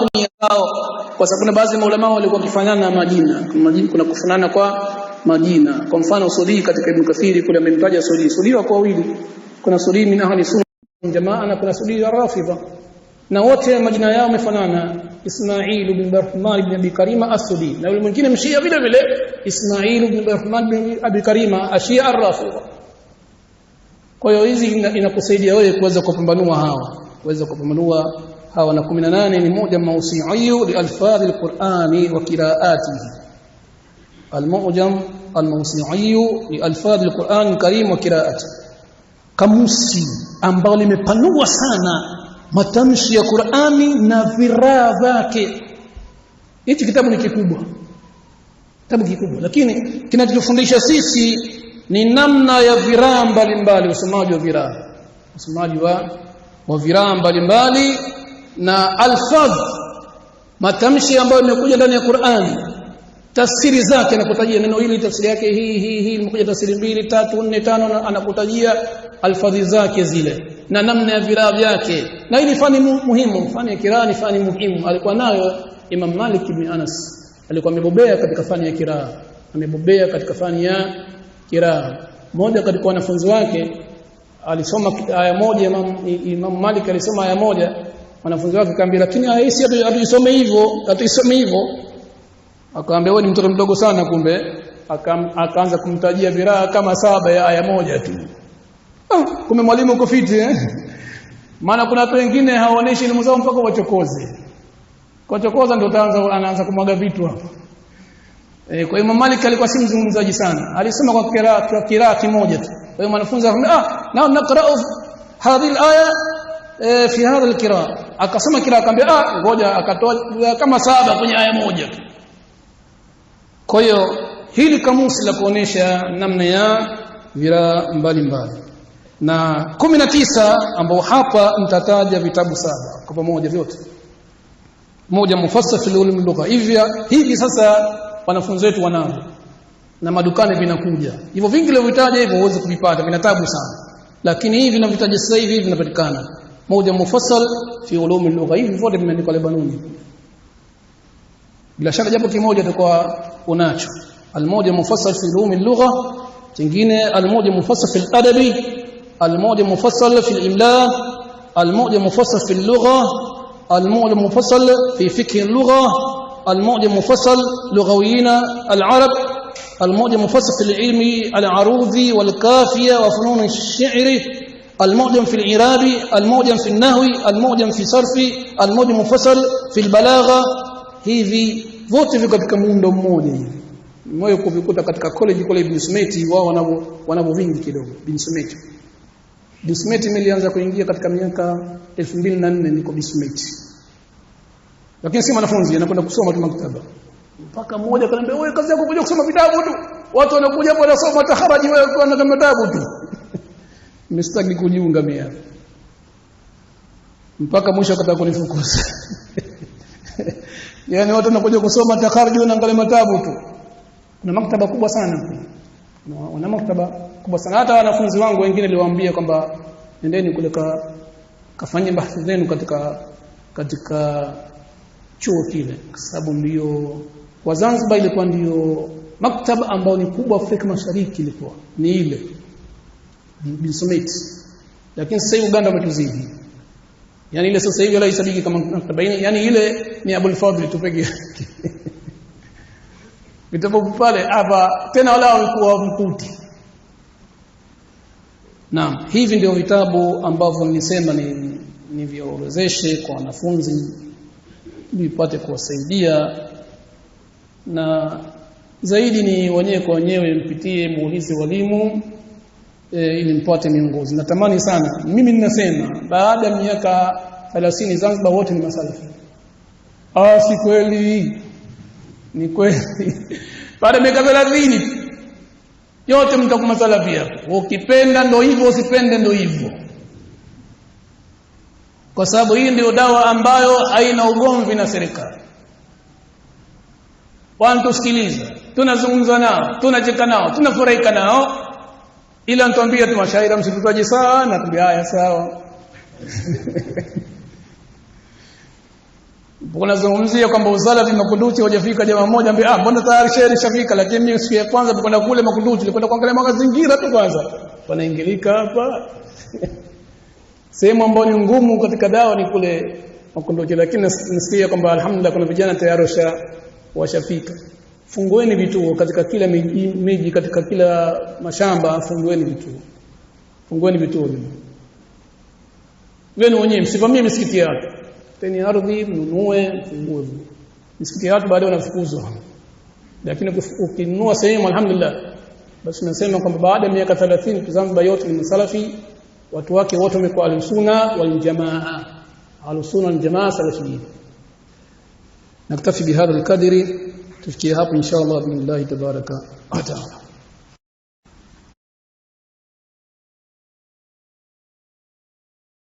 madhni yao, kwa sababu kuna baadhi ya maulama walikuwa wakifanana na majina. Kuna kufanana kwa majina, kwa mfano Sudi katika Ibn Kathir kule amemtaja Sudi. Sudi wako wawili, kuna Sudi min ahli sunna jamaa na kuna Sudi ya Rafidha, na wote majina yao yamefanana Ismail ibn Rahman ibn Abi Karima As-Sudi, na yule mwingine mshia vile vile Ismail ibn Rahman ibn Abi Karima ashia Ar-Rafidha. Kwa hiyo hizi inakusaidia wewe kuweza kupambanua hawa, kuweza kupambanua هاو نكمنا ناني المعجم موسيعي لألفاظ القرآن وكراءاته المعجم الموسيعي لألفاظ القرآن الكريم وقراءاته كموسي أمبغ لما يبنو سانا ما تمشي القرآن نفرا ذاك إيتي كتاب نكيكوبا كتاب نكيكوبا لكن كنا تفنديش سيسي ni namna ya viraa mbalimbali usomaji wa viraa usomaji wa viraa mbalimbali na alfadh matamshi ambayo yamekuja ndani ya Qur'an tafsiri zake anakutajia neno hili tafsiri yake hii hii hii imekuja tafsiri mbili tatu nne tano anakutajia alfadhi zake zile na namna ya viraa vyake na hii ni fani muhimu fani ya kiraa ni fani muhimu alikuwa nayo Imam Malik ibn Anas alikuwa amebobea katika fani ya kiraa amebobea katika fani ya kiraa mmoja katika wanafunzi wake alisoma aya moja Imam, Imam Malik alisoma aya moja wanafunzi wake kaambia lakini haisi ah, atusome hivyo atusome hivyo akaambia wewe ni mtoto mdogo sana kumbe akaanza kumtajia viraha kama saba ya aya moja tu ah, kumbe mwalimu uko fiti eh? maana kuna watu wengine hawaoneshi elimu zao mpaka wachokoze kuchokoza ndio taanza anaanza kumwaga vitu hapo eh kwa hiyo Malik alikuwa si mzungumzaji sana alisema kwa kiraati kwa kiraati moja tu kwa hiyo mwanafunzi akamwambia ah na nakra'u hadhihi alaya e, fi hadha alqira akasema kila akaambia ah ngoja akatoa eh, kama saba kwenye aya moja tu kwa hiyo hili kamusi la kuonesha namna ya vira mbalimbali na na tisa ambao hapa mtataja vitabu saba kwa pamoja vyote moja mufassal ulum lugha hivi hivi sasa wanafunzi wetu wanavyo na madukani vinakuja hivyo vingi leo vitaja hivyo uweze kuvipata vinatabu sana lakini hivi vitaja sasa hivi vinapatikana موضع مفصل في علوم اللugha hivi vyote vimeandikwa Lebanoni bila shaka jambo kimoja utakuwa unacho almoja mufassal fi ulum al-lugha jingine almoja mufassal fi al-adabi almoja mufassal fi al-imla almoja mufassal fi al-lugha almoja mufassal fi fiqh al-lugha almoja mufassal lughawiyina al-arab almoja mufassal fi al-ilmi al-aruzi wal-kafiya wa funun ash-shi'ri المعجم في الإعراب المعجم في النحو المعجم في sarfi المعجم mufassal في albalagha هذي vote viko katika muundo mmoja hivi mmoja kuvikuta katika college kule Ibn Sumeti wao wanavyo wanavyo vingi kidogo Ibn Sumeti Ibn Sumeti nilianza kuingia katika miaka 2004 niko Ibn Sumeti lakini si mwanafunzi anakwenda kusoma tu maktaba mpaka mmoja kaniambia wewe kazi yako kuja kusoma vitabu tu watu wanakuja hapo wanasoma taharaji wewe kwa unakwenda vitabu tu msitaki kujiunga mia mpaka mwisho akataka kunifukuza yani watu wanakuja kusoma takharju na ngale matabu tu kuna maktaba kubwa sana wana maktaba kubwa sana hata wanafunzi wangu wengine niliwaambia kwamba nendeni kule ka kafanye bahthi zenu katika katika chuo kile kwa sababu ndio wa Zanzibar ilikuwa ndio maktaba ambayo ni kubwa Afrika Mashariki ilikuwa ni ile bisumit lakini sasa hivi Uganda umetuzidi yani ile sasa hivi wala isabiki kama mtabaini yani ile ni Abul Fadhil tupeke vitabu pale hapa tena wala walikuwa mkuti Naam, hivi ndio vitabu ambavyo nilisema ni niviorozeshe kwa wanafunzi nipate kuwasaidia na zaidi ni wenyewe kwa wenyewe mpitie muulizi walimu E, ili mpate miongozi. Natamani sana mimi ninasema baada ya miaka 30 Zanzibar wote ni masalafi. Ah, si kweli. Ni kweli. baada ya miaka 30 yote mtakuwa masalafi hapo. Ukipenda ndo hivyo, usipende ndo hivyo. Kwa sababu hii ndio dawa ambayo haina ugomvi na serikali. Wanatusikiliza, tunazungumza nao, tunacheka nao, tunafurahika nao ila nitwambia tu mashairi msitutaje sana tumbia haya sawa Unazungumzia kwamba usalafi Makunduchi hujafika jamaa mmoja ambaye ah mbona tayari sheri shafika lakini mimi siku ya kwanza tukwenda kule Makunduchi nilikwenda kuangalia mazingira tu kwanza wanaingilika hapa sehemu ambayo ni ngumu katika dawa ni kule Makunduchi lakini nasikia kwamba alhamdulillah kuna vijana tayari washafika fungueni vituo katika kila miji, miji katika kila mashamba fungueni vituo fungueni vituo wenu wenyewe msivamie misikiti yako teni ardhi mnunue fungue misikiti yako baadaye unafukuzwa lakini ukinunua sehemu alhamdulillah basi nasema kwamba baada ya miaka 30 Zanzibar yote ni msalafi watu wake wote wamekuwa alusuna waljamaa alusuna aljamaa salafiyyin naktafi bihadha alqadri تفكيها إن شاء الله بإذن الله تبارك وتعالى